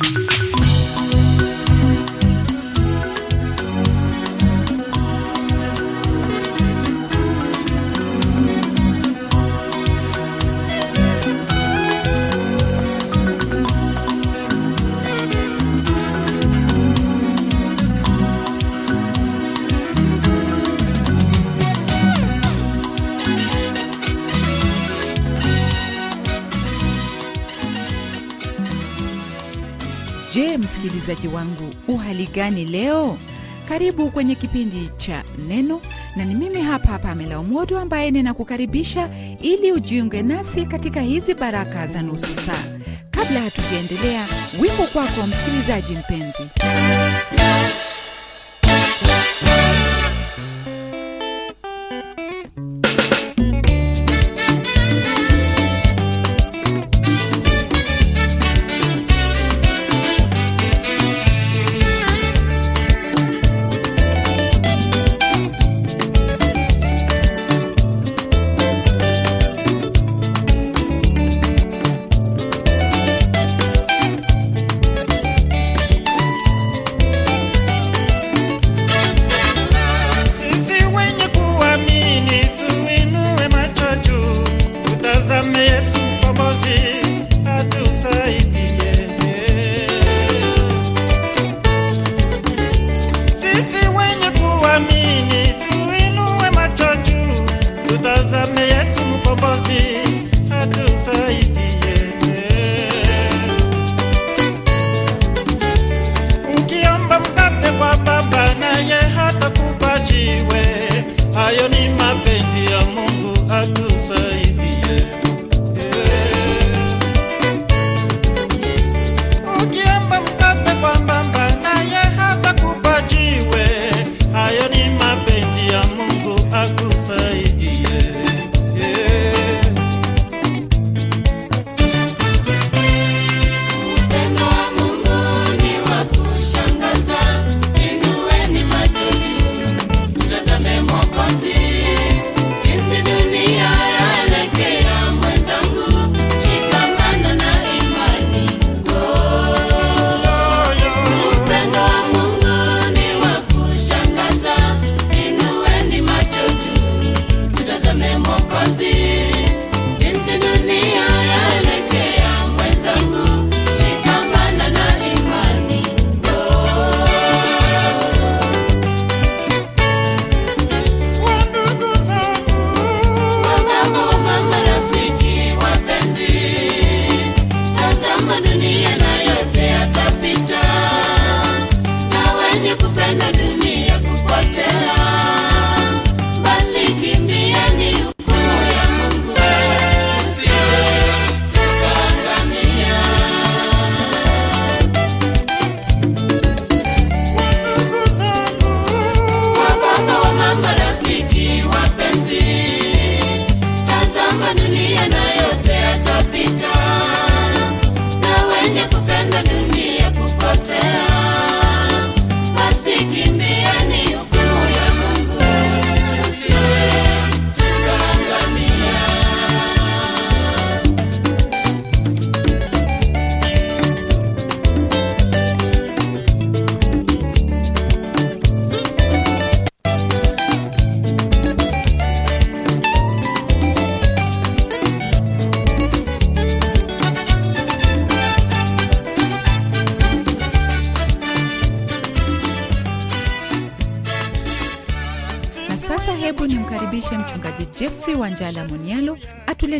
Thank you. msikilizaji wangu uhali gani leo karibu kwenye kipindi cha neno na ni mimi hapa hapa amela umodo ambaye ninakukaribisha ili ujiunge nasi katika hizi baraka za nusu saa kabla hatujaendelea wimbo kwako msikilizaji mpenzi I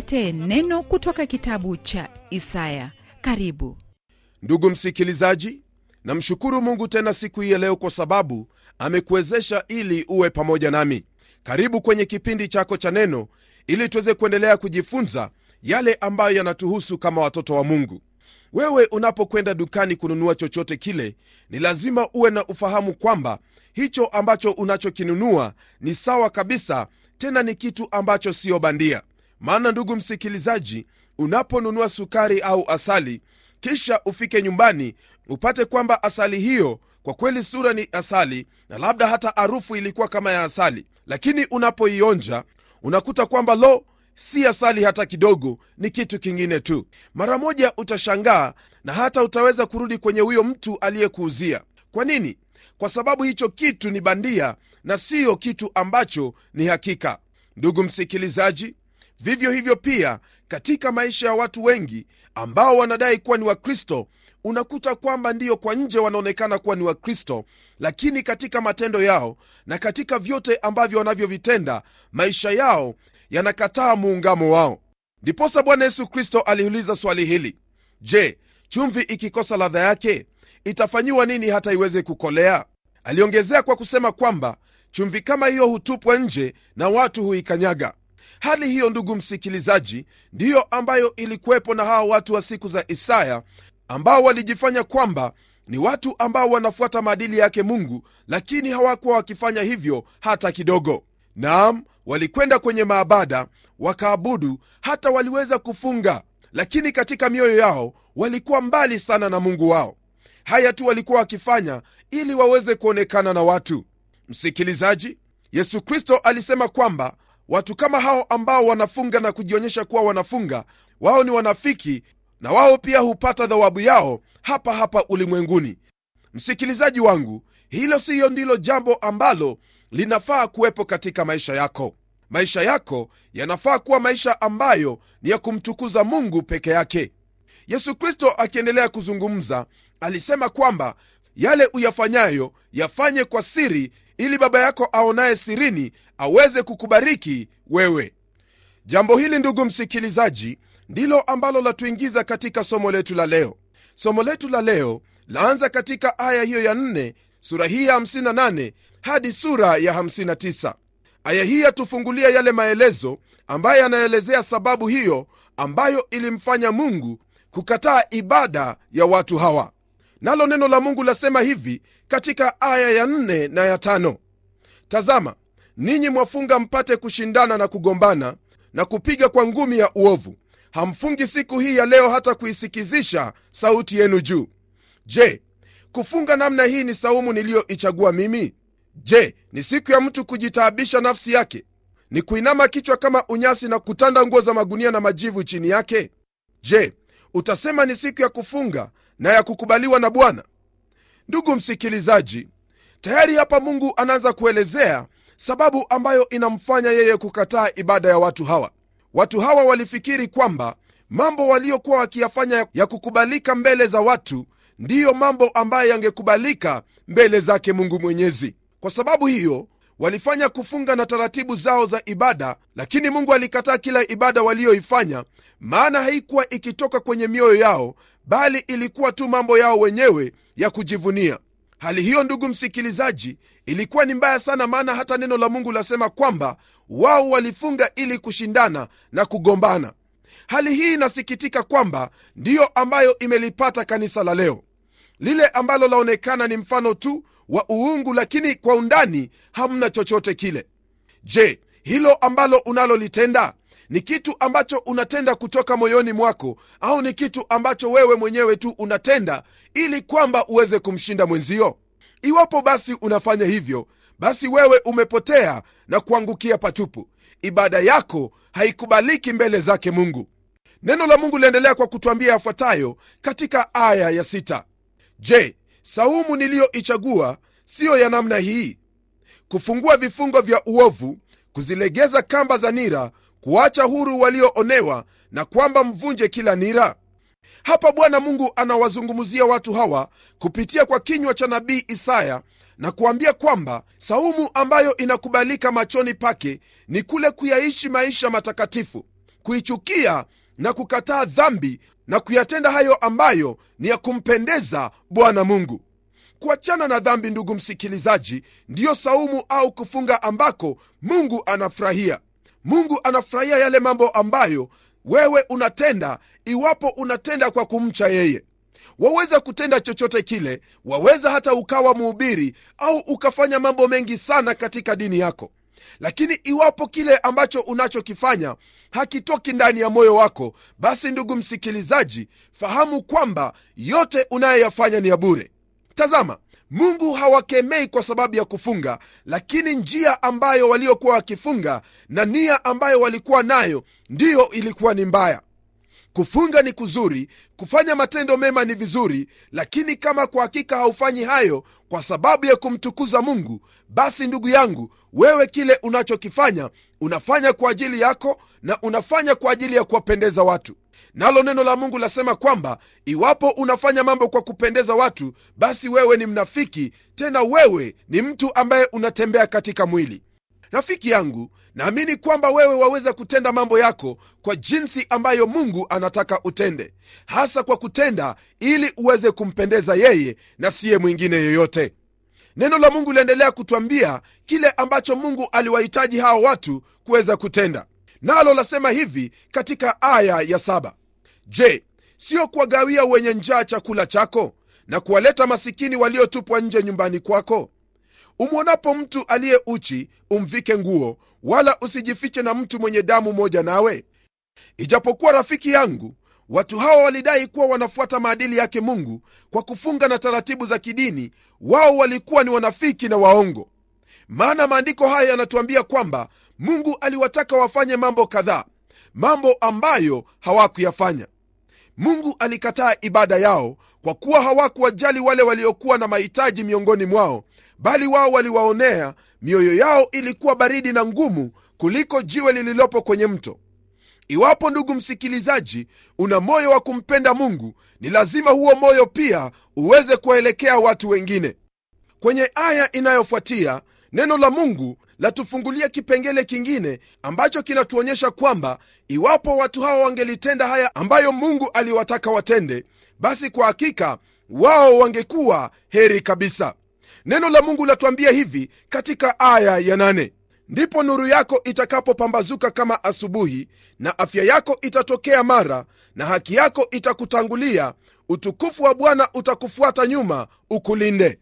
tupate neno kutoka kitabu cha Isaya. Karibu ndugu msikilizaji, namshukuru Mungu tena siku hii ya leo kwa sababu amekuwezesha ili uwe pamoja nami. Karibu kwenye kipindi chako cha neno, ili tuweze kuendelea kujifunza yale ambayo yanatuhusu kama watoto wa Mungu. Wewe unapokwenda dukani kununua chochote kile, ni lazima uwe na ufahamu kwamba hicho ambacho unachokinunua ni sawa kabisa, tena ni kitu ambacho siyo bandia maana ndugu msikilizaji unaponunua sukari au asali kisha ufike nyumbani upate kwamba asali hiyo kwa kweli sura ni asali na labda hata harufu ilikuwa kama ya asali lakini unapoionja unakuta kwamba lo si asali hata kidogo ni kitu kingine tu mara moja utashangaa na hata utaweza kurudi kwenye huyo mtu aliyekuuzia kwa nini kwa sababu hicho kitu ni bandia na siyo kitu ambacho ni hakika ndugu msikilizaji Vivyo hivyo pia katika maisha ya watu wengi ambao wanadai kuwa ni Wakristo, unakuta kwamba ndiyo kwa nje wanaonekana kuwa ni Wakristo, lakini katika matendo yao na katika vyote ambavyo wanavyovitenda, maisha yao yanakataa muungamo wao. Ndiposa Bwana Yesu Kristo aliuliza swali hili: Je, chumvi ikikosa ladha yake itafanyiwa nini hata iweze kukolea? Aliongezea kwa kusema kwamba chumvi kama hiyo hutupwa nje na watu huikanyaga. Hali hiyo, ndugu msikilizaji, ndiyo ambayo ilikuwepo na hawa watu wa siku za Isaya ambao walijifanya kwamba ni watu ambao wanafuata maadili yake Mungu, lakini hawakuwa wakifanya hivyo hata kidogo. Naam, walikwenda kwenye maabada wakaabudu, hata waliweza kufunga, lakini katika mioyo yao walikuwa mbali sana na Mungu wao. Haya tu walikuwa wakifanya ili waweze kuonekana na watu. Msikilizaji, Yesu Kristo alisema kwamba Watu kama hao ambao wanafunga na kujionyesha kuwa wanafunga, wao ni wanafiki, na wao pia hupata dhawabu yao hapa hapa ulimwenguni. Msikilizaji wangu, hilo siyo ndilo jambo ambalo linafaa kuwepo katika maisha yako. Maisha yako yanafaa kuwa maisha ambayo ni ya kumtukuza Mungu peke yake. Yesu Kristo akiendelea kuzungumza, alisema kwamba yale uyafanyayo yafanye kwa siri ili baba yako aonaye sirini aweze kukubariki wewe. Jambo hili ndugu msikilizaji, ndilo ambalo latuingiza katika somo letu la leo. Somo letu la leo laanza katika aya hiyo ya 4 sura hii ya 58 hadi sura ya 59. Aya hii yatufungulia yale maelezo ambayo yanaelezea sababu hiyo ambayo ilimfanya Mungu kukataa ibada ya watu hawa nalo neno la mungu lasema hivi katika aya ya nne na ya tano tazama ninyi mwafunga mpate kushindana na kugombana na kupiga kwa ngumi ya uovu hamfungi siku hii ya leo hata kuisikizisha sauti yenu juu je kufunga namna hii ni saumu niliyoichagua mimi je ni siku ya mtu kujitaabisha nafsi yake ni kuinama kichwa kama unyasi na kutanda nguo za magunia na majivu chini yake je utasema ni siku ya kufunga na ya kukubaliwa na Bwana. Ndugu msikilizaji, tayari hapa Mungu anaanza kuelezea sababu ambayo inamfanya yeye kukataa ibada ya watu hawa. Watu hawa walifikiri kwamba mambo waliokuwa wakiyafanya ya kukubalika mbele za watu ndiyo mambo ambayo yangekubalika mbele zake Mungu Mwenyezi. Kwa sababu hiyo walifanya kufunga na taratibu zao za ibada, lakini Mungu alikataa kila ibada waliyoifanya, maana haikuwa ikitoka kwenye mioyo yao, bali ilikuwa tu mambo yao wenyewe ya kujivunia. Hali hiyo, ndugu msikilizaji, ilikuwa ni mbaya sana, maana hata neno la Mungu lasema kwamba wao walifunga ili kushindana na kugombana. Hali hii inasikitika kwamba ndiyo ambayo imelipata kanisa la leo, lile ambalo laonekana ni mfano tu wa uungu, lakini kwa undani hamna chochote kile. Je, hilo ambalo unalolitenda ni kitu ambacho unatenda kutoka moyoni mwako au ni kitu ambacho wewe mwenyewe tu unatenda ili kwamba uweze kumshinda mwenzio? Iwapo basi unafanya hivyo, basi wewe umepotea na kuangukia patupu. Ibada yako haikubaliki mbele zake Mungu. Neno la Mungu liendelea kwa kutwambia yafuatayo katika aya ya sita: Je, saumu niliyoichagua siyo ya namna hii? Kufungua vifungo vya uovu, kuzilegeza kamba za nira, kuacha huru walioonewa na kwamba mvunje kila nira? Hapa Bwana Mungu anawazungumzia watu hawa kupitia kwa kinywa cha nabii Isaya na kuambia kwamba saumu ambayo inakubalika machoni pake ni kule kuyaishi maisha matakatifu, kuichukia na kukataa dhambi na kuyatenda hayo ambayo ni ya kumpendeza Bwana Mungu. Kuachana na dhambi, ndugu msikilizaji, ndiyo saumu au kufunga ambako Mungu anafurahia mungu anafurahia yale mambo ambayo wewe unatenda iwapo unatenda kwa kumcha yeye waweza kutenda chochote kile waweza hata ukawa muubiri au ukafanya mambo mengi sana katika dini yako lakini iwapo kile ambacho unachokifanya hakitoki ndani ya moyo wako basi ndugu msikilizaji fahamu kwamba yote unayoyafanya ni ya bure tazama Mungu hawakemei kwa sababu ya kufunga, lakini njia ambayo waliokuwa wakifunga na nia ambayo walikuwa nayo ndiyo ilikuwa ni mbaya. Kufunga ni kuzuri, kufanya matendo mema ni vizuri, lakini kama kwa hakika haufanyi hayo kwa sababu ya kumtukuza Mungu, basi ndugu yangu, wewe kile unachokifanya unafanya kwa ajili yako na unafanya kwa ajili ya kuwapendeza watu nalo neno la Mungu lasema kwamba iwapo unafanya mambo kwa kupendeza watu, basi wewe ni mnafiki, tena wewe ni mtu ambaye unatembea katika mwili. Rafiki yangu, naamini kwamba wewe waweza kutenda mambo yako kwa jinsi ambayo Mungu anataka utende, hasa kwa kutenda ili uweze kumpendeza yeye na siye mwingine yoyote. Neno la Mungu liendelea kutwambia kile ambacho Mungu aliwahitaji hawa watu kuweza kutenda nalo lasema hivi katika aya ya saba je sio kuwagawia wenye njaa chakula chako na kuwaleta masikini waliotupwa nje nyumbani kwako umwonapo mtu aliye uchi umvike nguo wala usijifiche na mtu mwenye damu moja nawe ijapokuwa rafiki yangu watu hawa walidai kuwa wanafuata maadili yake mungu kwa kufunga na taratibu za kidini wao walikuwa ni wanafiki na waongo maana maandiko haya yanatuambia kwamba mungu aliwataka wafanye mambo kadhaa mambo ambayo hawakuyafanya mungu alikataa ibada yao kwa kuwa hawakuwajali wale waliokuwa na mahitaji miongoni mwao bali wao waliwaonea mioyo yao ilikuwa baridi na ngumu kuliko jiwe lililopo kwenye mto iwapo ndugu msikilizaji una moyo wa kumpenda mungu ni lazima huo moyo pia uweze kuwaelekea watu wengine kwenye aya inayofuatia neno la Mungu latufungulia kipengele kingine ambacho kinatuonyesha kwamba iwapo watu hawa wangelitenda haya ambayo Mungu aliwataka watende, basi kwa hakika wao wangekuwa heri kabisa. Neno la Mungu latuambia hivi katika aya ya nane: ndipo nuru yako itakapopambazuka kama asubuhi, na afya yako itatokea mara, na haki yako itakutangulia, utukufu wa Bwana utakufuata nyuma ukulinde.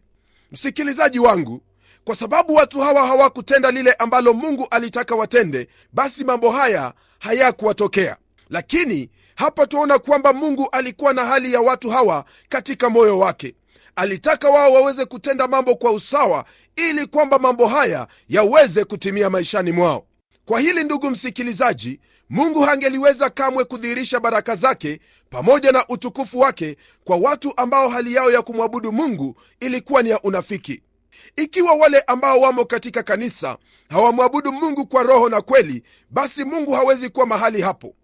Msikilizaji wangu, kwa sababu watu hawa hawakutenda lile ambalo Mungu alitaka watende, basi mambo haya hayakuwatokea. Lakini hapa twaona kwamba Mungu alikuwa na hali ya watu hawa katika moyo wake. Alitaka wao waweze kutenda mambo kwa usawa, ili kwamba mambo haya yaweze kutimia maishani mwao. Kwa hili, ndugu msikilizaji, Mungu hangeliweza kamwe kudhihirisha baraka zake pamoja na utukufu wake kwa watu ambao hali yao ya kumwabudu Mungu ilikuwa ni ya unafiki ikiwa wale ambao wamo katika kanisa hawamwabudu mungu kwa roho na kweli basi mungu hawezi kuwa mahali hapo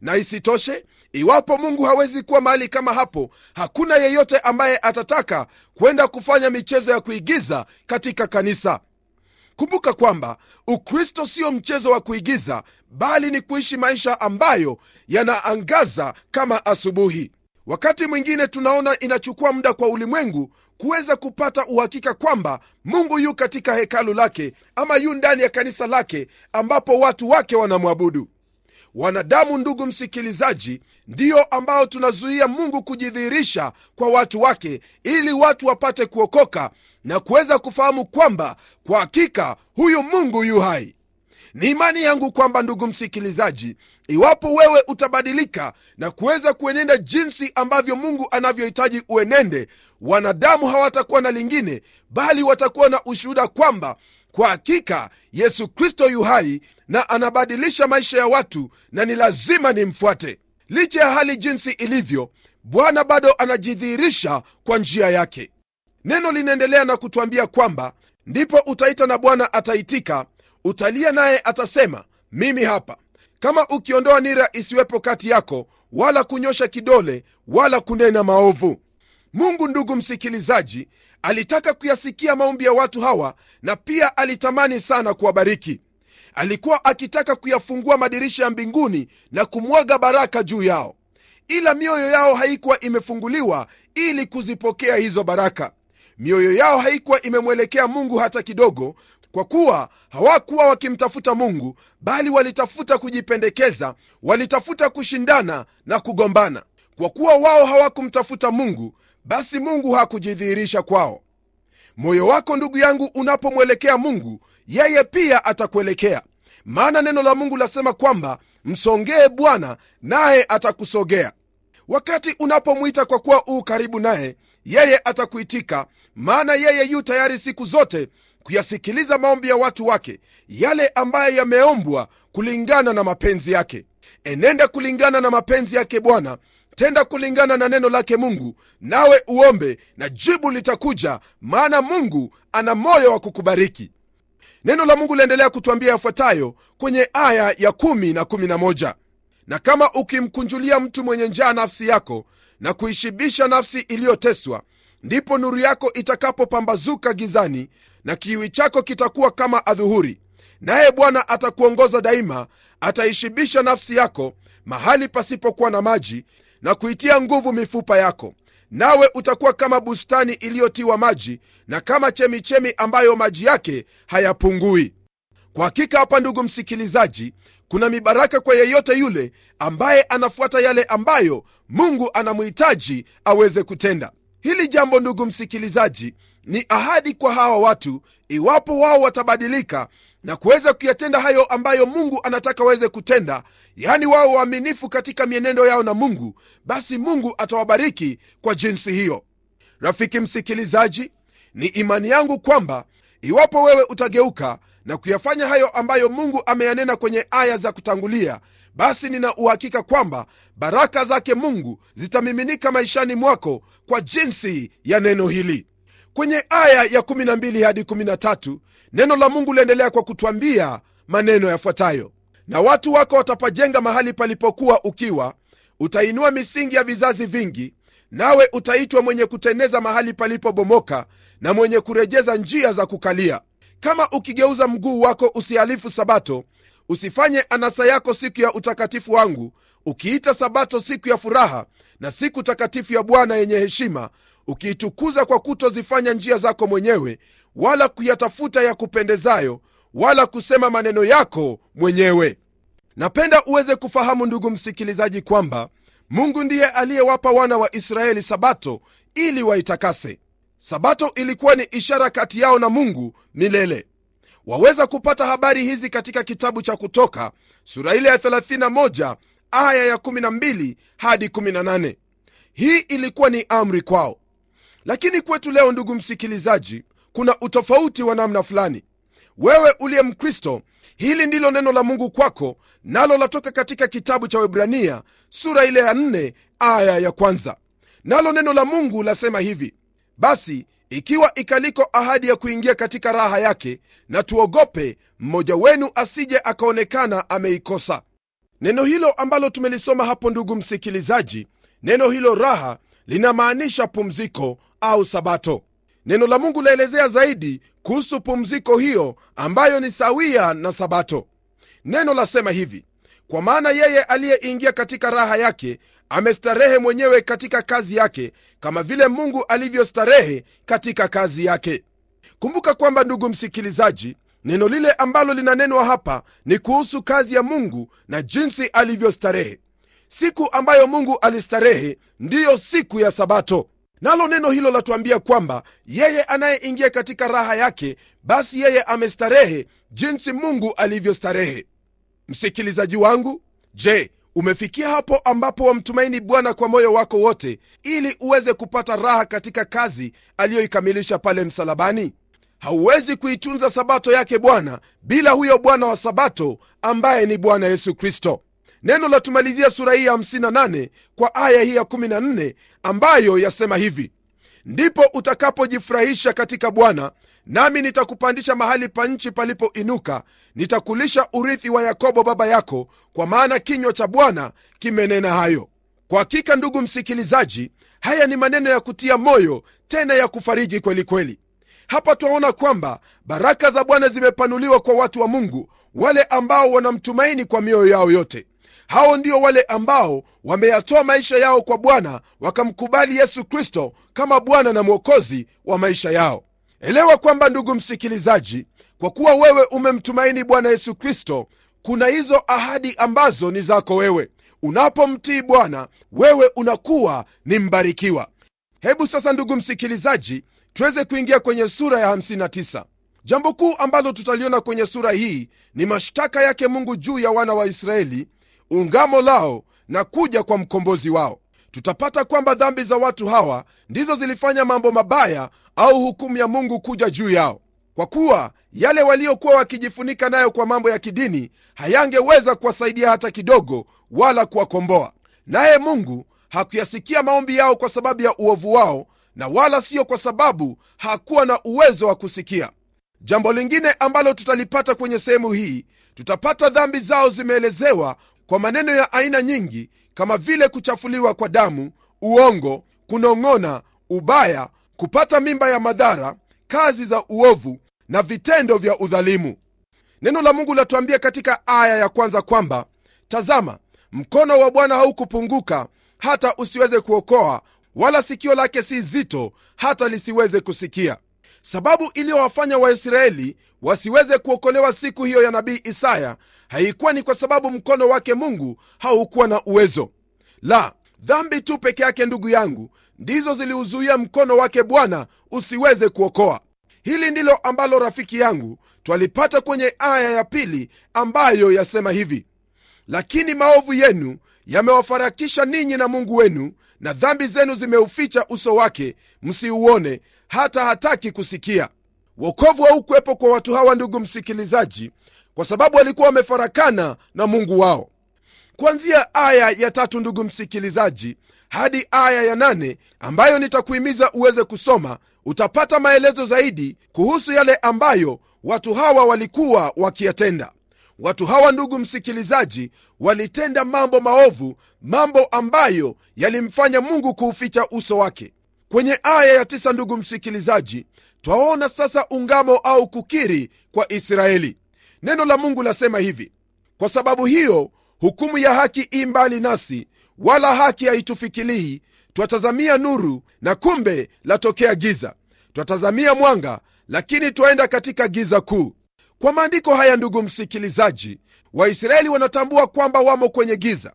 na isitoshe iwapo mungu hawezi kuwa mahali kama hapo hakuna yeyote ambaye atataka kwenda kufanya michezo ya kuigiza katika kanisa kumbuka kwamba ukristo sio mchezo wa kuigiza bali ni kuishi maisha ambayo yanaangaza kama asubuhi Wakati mwingine tunaona inachukua muda kwa ulimwengu kuweza kupata uhakika kwamba Mungu yu katika hekalu lake ama yu ndani ya kanisa lake ambapo watu wake wanamwabudu. Wanadamu, ndugu msikilizaji, ndiyo ambao tunazuia Mungu kujidhihirisha kwa watu wake ili watu wapate kuokoka na kuweza kufahamu kwamba kwa hakika huyu Mungu yu hai. Ni imani yangu kwamba, ndugu msikilizaji, iwapo wewe utabadilika na kuweza kuenenda jinsi ambavyo Mungu anavyohitaji uenende, wanadamu hawatakuwa na lingine bali watakuwa na ushuhuda kwamba kwa hakika Yesu Kristo yu hai na anabadilisha maisha ya watu na ni lazima nimfuate. Licha ya hali jinsi ilivyo, Bwana bado anajidhihirisha kwa njia yake. Neno linaendelea na kutwambia kwamba ndipo utaita na Bwana ataitika Utalia naye atasema, mimi hapa. Kama ukiondoa nira isiwepo kati yako, wala kunyosha kidole, wala kunena maovu. Mungu, ndugu msikilizaji, alitaka kuyasikia maombi ya watu hawa, na pia alitamani sana kuwabariki. Alikuwa akitaka kuyafungua madirisha ya mbinguni na kumwaga baraka juu yao, ila mioyo yao haikuwa imefunguliwa ili kuzipokea hizo baraka. Mioyo yao haikuwa imemwelekea Mungu hata kidogo, kwa kuwa hawakuwa wakimtafuta Mungu bali walitafuta kujipendekeza, walitafuta kushindana na kugombana. Kwa kuwa wao hawakumtafuta Mungu, basi Mungu hakujidhihirisha kwao. Moyo wako ndugu yangu unapomwelekea Mungu, yeye pia atakuelekea, maana neno la Mungu lasema kwamba msongee Bwana naye atakusogea. Wakati unapomwita kwa kuwa uu karibu naye, yeye atakuitika, maana yeye yu tayari siku zote kuyasikiliza maombi ya watu wake, yale ambayo yameombwa kulingana na mapenzi yake. Enenda kulingana na mapenzi yake Bwana, tenda kulingana na neno lake Mungu, nawe uombe na jibu litakuja, maana Mungu ana moyo wa kukubariki. Neno la Mungu liendelea kutwambia yafuatayo kwenye aya ya 1 na na na kama ukimkunjulia mtu mwenye njaa nafsi yako na kuishibisha nafsi iliyoteswa, ndipo nuru yako itakapopambazuka gizani, na kiwi chako kitakuwa kama adhuhuri, naye Bwana atakuongoza daima, ataishibisha nafsi yako mahali pasipokuwa na maji, na kuitia nguvu mifupa yako. Nawe utakuwa kama bustani iliyotiwa maji, na kama chemichemi ambayo maji yake hayapungui. Kwa hakika hapa, ndugu msikilizaji, kuna mibaraka kwa yeyote yule ambaye anafuata yale ambayo Mungu anamhitaji aweze kutenda. Hili jambo, ndugu msikilizaji, ni ahadi kwa hawa watu, iwapo wao watabadilika na kuweza kuyatenda hayo ambayo Mungu anataka waweze kutenda, yaani wao waaminifu katika mienendo yao na Mungu, basi Mungu atawabariki kwa jinsi hiyo. Rafiki msikilizaji, ni imani yangu kwamba iwapo wewe utageuka na kuyafanya hayo ambayo Mungu ameyanena kwenye aya za kutangulia, basi nina uhakika kwamba baraka zake Mungu zitamiminika maishani mwako kwa jinsi ya neno hili kwenye aya ya 12 hadi 13 neno la mungu liendelea kwa kutwambia maneno yafuatayo na watu wako watapajenga mahali palipokuwa ukiwa utainua misingi ya vizazi vingi nawe utaitwa mwenye kuteneza mahali palipobomoka na mwenye kurejeza njia za kukalia kama ukigeuza mguu wako usihalifu sabato Usifanye anasa yako siku ya utakatifu wangu, ukiita Sabato siku ya furaha na siku takatifu ya Bwana yenye heshima, ukiitukuza kwa kutozifanya njia zako mwenyewe, wala kuyatafuta ya kupendezayo, wala kusema maneno yako mwenyewe. Napenda uweze kufahamu, ndugu msikilizaji, kwamba Mungu ndiye aliyewapa wana wa Israeli Sabato ili waitakase. Sabato ilikuwa ni ishara kati yao na Mungu milele waweza kupata habari hizi katika kitabu cha Kutoka sura ile ya 31 aya ya 12 hadi 18. Hii ilikuwa ni amri kwao, lakini kwetu leo, ndugu msikilizaji, kuna utofauti wa namna fulani. Wewe uliye Mkristo, hili ndilo neno la Mungu kwako, nalo latoka katika kitabu cha Webrania sura ile ya 4 aya ya kwanza, nalo neno la Mungu lasema hivi: basi ikiwa ikaliko ahadi ya kuingia katika raha yake, na tuogope mmoja wenu asije akaonekana ameikosa. Neno hilo ambalo tumelisoma hapo, ndugu msikilizaji, neno hilo raha linamaanisha pumziko au Sabato. Neno la Mungu laelezea zaidi kuhusu pumziko hiyo ambayo ni sawia na Sabato. Neno lasema hivi: kwa maana yeye aliyeingia katika raha yake amestarehe mwenyewe katika kazi yake kama vile Mungu alivyostarehe katika kazi yake. Kumbuka kwamba, ndugu msikilizaji, neno lile ambalo linanenwa hapa ni kuhusu kazi ya Mungu na jinsi alivyostarehe. Siku ambayo Mungu alistarehe ndiyo siku ya Sabato. Nalo neno hilo latuambia kwamba yeye anayeingia katika raha yake, basi yeye amestarehe jinsi Mungu alivyostarehe. Msikilizaji wangu, je, Umefikia hapo ambapo wamtumaini Bwana kwa moyo wako wote, ili uweze kupata raha katika kazi aliyoikamilisha pale msalabani. Hauwezi kuitunza sabato yake Bwana bila huyo Bwana wa sabato ambaye ni Bwana Yesu Kristo. Neno la tumalizia sura hii ya 58 kwa aya hii ya 14 ambayo yasema hivi: ndipo utakapojifurahisha katika Bwana nami nitakupandisha mahali pa nchi palipoinuka, nitakulisha urithi wa Yakobo baba yako, kwa maana kinywa cha Bwana kimenena hayo. Kwa hakika, ndugu msikilizaji, haya ni maneno ya kutia moyo, tena ya kufariji kweli kweli. Hapa twaona kwamba baraka za Bwana zimepanuliwa kwa watu wa Mungu, wale ambao wanamtumaini kwa mioyo yao yote. Hao ndio wale ambao wameyatoa maisha yao kwa Bwana, wakamkubali Yesu Kristo kama Bwana na Mwokozi wa maisha yao. Elewa kwamba ndugu msikilizaji, kwa kuwa wewe umemtumaini Bwana Yesu Kristo, kuna hizo ahadi ambazo ni zako wewe. Unapomtii Bwana wewe unakuwa ni mbarikiwa. Hebu sasa, ndugu msikilizaji, tuweze kuingia kwenye sura ya 59. Jambo kuu ambalo tutaliona kwenye sura hii ni mashtaka yake Mungu juu ya wana wa Israeli, ungamo lao na kuja kwa mkombozi wao tutapata kwamba dhambi za watu hawa ndizo zilifanya mambo mabaya au hukumu ya Mungu kuja juu yao, kwa kuwa yale waliokuwa wakijifunika nayo kwa mambo ya kidini hayangeweza kuwasaidia hata kidogo, wala kuwakomboa. Naye Mungu hakuyasikia maombi yao kwa sababu ya uovu wao, na wala siyo kwa sababu hakuwa na uwezo wa kusikia. Jambo lingine ambalo tutalipata kwenye sehemu hii, tutapata dhambi zao zimeelezewa kwa maneno ya aina nyingi kama vile kuchafuliwa kwa damu, uongo, kunong'ona, ubaya, kupata mimba ya madhara, kazi za uovu na vitendo vya udhalimu. Neno la Mungu latuambia katika aya ya kwanza kwamba tazama, mkono wa Bwana haukupunguka hata usiweze kuokoa, wala sikio lake si zito hata lisiweze kusikia. Sababu iliyowafanya Waisraeli wasiweze kuokolewa siku hiyo ya nabii Isaya haikuwa ni kwa sababu mkono wake Mungu haukuwa na uwezo. La, dhambi tu peke yake, ndugu yangu, ndizo ziliuzuia mkono wake Bwana usiweze kuokoa. Hili ndilo ambalo rafiki yangu twalipata kwenye aya ya pili ambayo yasema hivi: lakini maovu yenu yamewafarakisha ninyi na Mungu wenu, na dhambi zenu zimeuficha uso wake, msiuone, hata hataki kusikia wokovu haukuwepo kwa watu hawa, ndugu msikilizaji, kwa sababu walikuwa wamefarakana na Mungu wao. Kuanzia aya ya tatu, ndugu msikilizaji, hadi aya ya nane ambayo nitakuhimiza uweze kusoma, utapata maelezo zaidi kuhusu yale ambayo watu hawa walikuwa wakiyatenda. Watu hawa ndugu msikilizaji, walitenda mambo maovu, mambo ambayo yalimfanya Mungu kuuficha uso wake. Kwenye aya ya tisa, ndugu msikilizaji, twaona sasa ungamo au kukiri kwa israeli neno la mungu lasema hivi kwa sababu hiyo hukumu ya haki i mbali nasi wala haki haitufikilihi twatazamia nuru na kumbe latokea giza twatazamia mwanga lakini twaenda katika giza kuu kwa maandiko haya ndugu msikilizaji waisraeli wanatambua kwamba wamo kwenye giza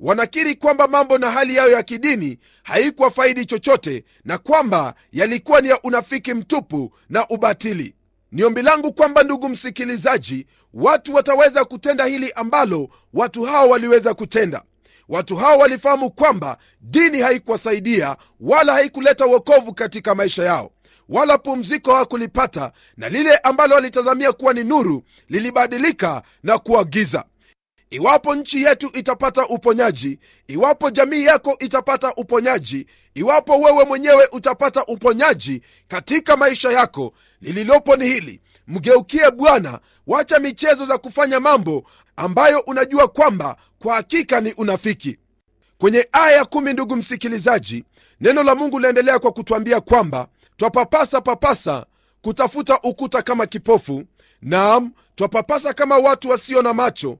wanakiri kwamba mambo na hali yao ya kidini haikuwafaidi chochote na kwamba yalikuwa ni ya unafiki mtupu na ubatili. Ni ombi langu kwamba, ndugu msikilizaji, watu wataweza kutenda hili ambalo watu hao waliweza kutenda. Watu hao walifahamu kwamba dini haikuwasaidia wala haikuleta uokovu katika maisha yao wala pumziko hawakulipata, na lile ambalo walitazamia kuwa ni nuru lilibadilika na kuwa giza iwapo nchi yetu itapata uponyaji iwapo jamii yako itapata uponyaji iwapo wewe mwenyewe utapata uponyaji katika maisha yako lililopo ni hili mgeukie bwana wacha michezo za kufanya mambo ambayo unajua kwamba kwa hakika ni unafiki kwenye aya ya kumi ndugu msikilizaji neno la mungu linaendelea kwa kutwambia kwamba twapapasa papasa kutafuta ukuta kama kipofu naam twapapasa kama watu wasio na macho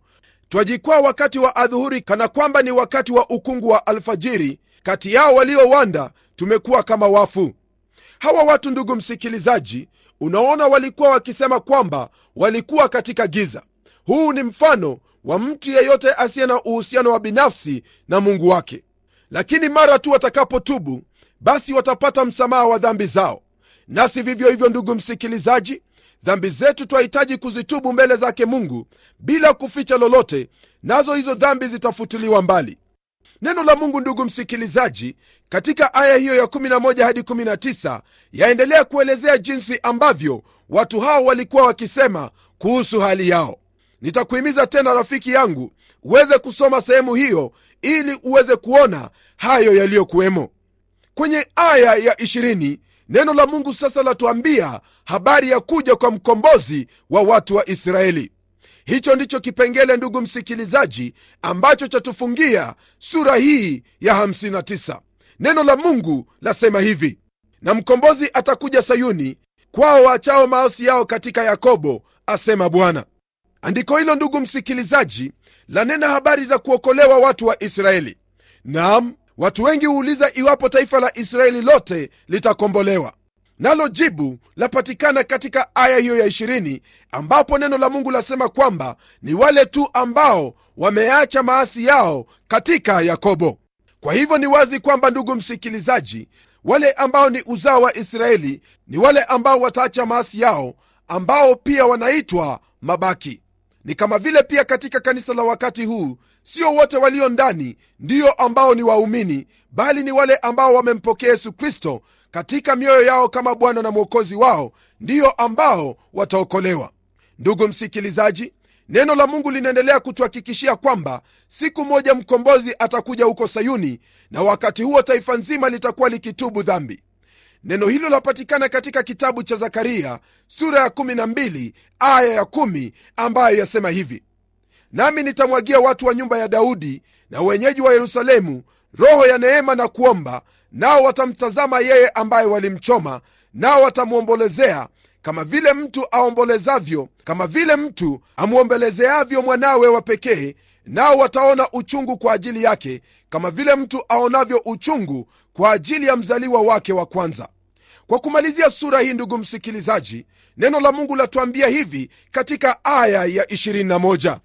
twajikwaa wakati wa adhuhuri kana kwamba ni wakati wa ukungu wa alfajiri. Kati yao waliowanda tumekuwa kama wafu. Hawa watu, ndugu msikilizaji, unaona, walikuwa wakisema kwamba walikuwa katika giza. Huu ni mfano wa mtu yeyote asiye na uhusiano wa binafsi na Mungu wake, lakini mara tu watakapotubu, basi watapata msamaha wa dhambi zao. Nasi vivyo hivyo, ndugu msikilizaji, dhambi zetu twahitaji kuzitubu mbele zake mungu bila kuficha lolote nazo hizo dhambi zitafutiliwa mbali neno la mungu ndugu msikilizaji katika aya hiyo ya 11 hadi 19 yaendelea kuelezea jinsi ambavyo watu hao walikuwa wakisema kuhusu hali yao nitakuhimiza tena rafiki yangu uweze kusoma sehemu hiyo ili uweze kuona hayo yaliyokuwemo kwenye aya ya Neno la Mungu sasa latuambia habari ya kuja kwa mkombozi wa watu wa Israeli. Hicho ndicho kipengele, ndugu msikilizaji, ambacho chatufungia sura hii ya 59. Neno la Mungu lasema hivi: na mkombozi atakuja Sayuni, kwao waachao maasi yao katika Yakobo, asema Bwana. Andiko hilo, ndugu msikilizaji, lanena habari za kuokolewa watu wa Israeli. Naam, Watu wengi huuliza iwapo taifa la Israeli lote litakombolewa, nalo jibu lapatikana katika aya hiyo ya 20 ambapo neno la Mungu lasema kwamba ni wale tu ambao wameacha maasi yao katika Yakobo. Kwa hivyo ni wazi kwamba, ndugu msikilizaji, wale ambao ni uzao wa Israeli ni wale ambao wataacha maasi yao, ambao pia wanaitwa mabaki. Ni kama vile pia katika kanisa la wakati huu, sio wote walio ndani ndiyo ambao ni waumini, bali ni wale ambao wamempokea Yesu Kristo katika mioyo yao kama Bwana na Mwokozi wao, ndiyo ambao wataokolewa. Ndugu msikilizaji, neno la Mungu linaendelea kutuhakikishia kwamba siku moja mkombozi atakuja huko Sayuni, na wakati huo taifa nzima litakuwa likitubu dhambi. Neno hilo lapatikana katika kitabu cha Zakaria sura ya 12 aya ya 1 ambayo yasema hivi: nami nitamwagia watu wa nyumba ya Daudi na wenyeji wa Yerusalemu roho ya neema na kuomba, nao watamtazama yeye ambaye walimchoma, nao watamwombolezea kama vile mtu aombolezavyo, kama vile mtu amwombelezeavyo mwanawe wa pekee, nao wataona uchungu kwa ajili yake kama vile mtu aonavyo uchungu kwa ajili ya mzaliwa wake wa kwanza. Kwa kumalizia sura hii, ndugu msikilizaji, neno la Mungu latuambia hivi katika aya ya 21: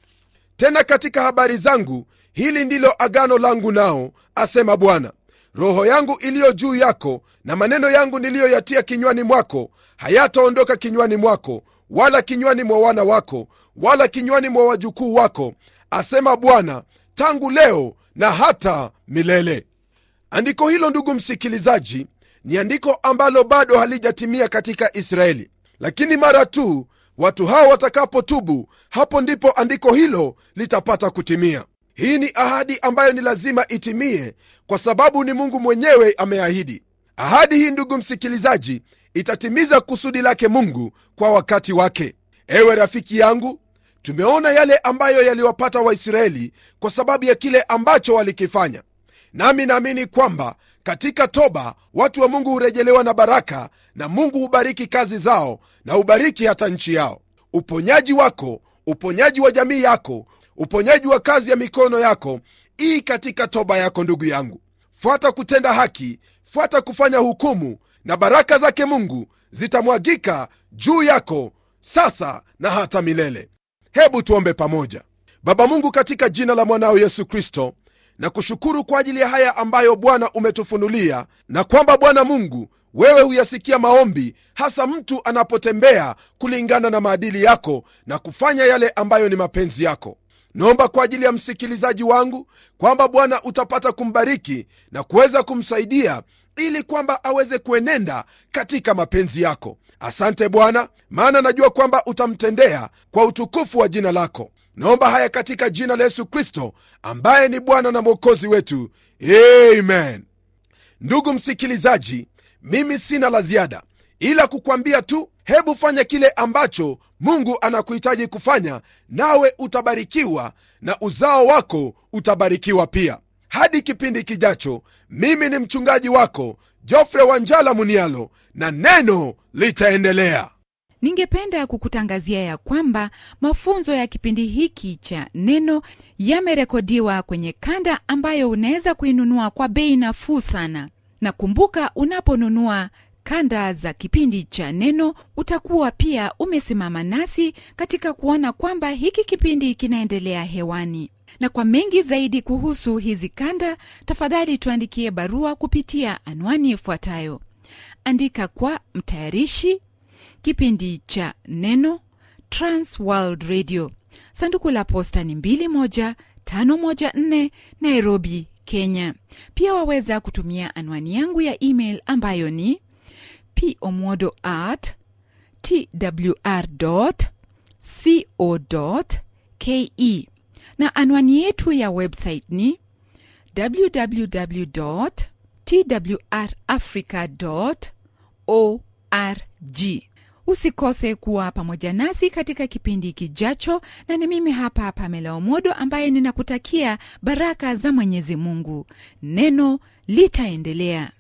tena katika habari zangu hili ndilo agano langu nao, asema Bwana, roho yangu iliyo juu yako na maneno yangu niliyoyatia kinywani mwako hayataondoka kinywani mwako, wala kinywani mwa wana wako, wala kinywani mwa wajukuu wako, asema Bwana, tangu leo na hata milele. Andiko hilo, ndugu msikilizaji, ni andiko ambalo bado halijatimia katika Israeli, lakini mara tu watu hao watakapotubu, hapo ndipo andiko hilo litapata kutimia. Hii ni ahadi ambayo ni lazima itimie, kwa sababu ni Mungu mwenyewe ameahidi. Ahadi hii, ndugu msikilizaji, itatimiza kusudi lake Mungu kwa wakati wake. Ewe rafiki yangu, tumeona yale ambayo yaliwapata waisraeli kwa sababu ya kile ambacho walikifanya nami naamini kwamba katika toba watu wa mungu hurejelewa na baraka na mungu hubariki kazi zao na hubariki hata nchi yao uponyaji wako uponyaji wa jamii yako uponyaji wa kazi ya mikono yako ii katika toba yako ndugu yangu fuata kutenda haki fuata kufanya hukumu na baraka zake mungu zitamwagika juu yako sasa na hata milele Hebu tuombe pamoja. Baba Mungu, katika jina la mwanao Yesu Kristo, na kushukuru kwa ajili ya haya ambayo Bwana umetufunulia, na kwamba Bwana Mungu wewe huyasikia maombi, hasa mtu anapotembea kulingana na maadili yako na kufanya yale ambayo ni mapenzi yako naomba kwa ajili ya msikilizaji wangu kwamba Bwana utapata kumbariki na kuweza kumsaidia ili kwamba aweze kuenenda katika mapenzi yako. Asante Bwana, maana najua kwamba utamtendea kwa utukufu wa jina lako. Naomba haya katika jina la Yesu Kristo ambaye ni Bwana na Mwokozi wetu, amen. Ndugu msikilizaji, mimi sina la ziada ila kukwambia tu, hebu fanya kile ambacho Mungu anakuhitaji kufanya, nawe utabarikiwa na uzao wako utabarikiwa pia. Hadi kipindi kijacho, mimi ni mchungaji wako Jofre Wanjala Munialo, na neno litaendelea. Ningependa kukutangazia ya kwamba mafunzo ya kipindi hiki cha neno yamerekodiwa kwenye kanda ambayo unaweza kuinunua kwa bei nafuu sana, na kumbuka unaponunua kanda za kipindi cha Neno utakuwa pia umesimama nasi katika kuona kwamba hiki kipindi kinaendelea hewani. Na kwa mengi zaidi kuhusu hizi kanda, tafadhali tuandikie barua kupitia anwani ifuatayo: andika kwa mtayarishi kipindi cha Neno, Trans World Radio, sanduku la posta ni 21514 Nairobi, Kenya. Pia waweza kutumia anwani yangu ya email ambayo ni p omodo at ke na anwani yetu ya website ni org Usikose kuwa pamoja nasi katika kipindi kijacho, na ni mimi hapa Pamela Omodo ambaye ninakutakia baraka za Mwenyezi Mungu. Neno litaendelea.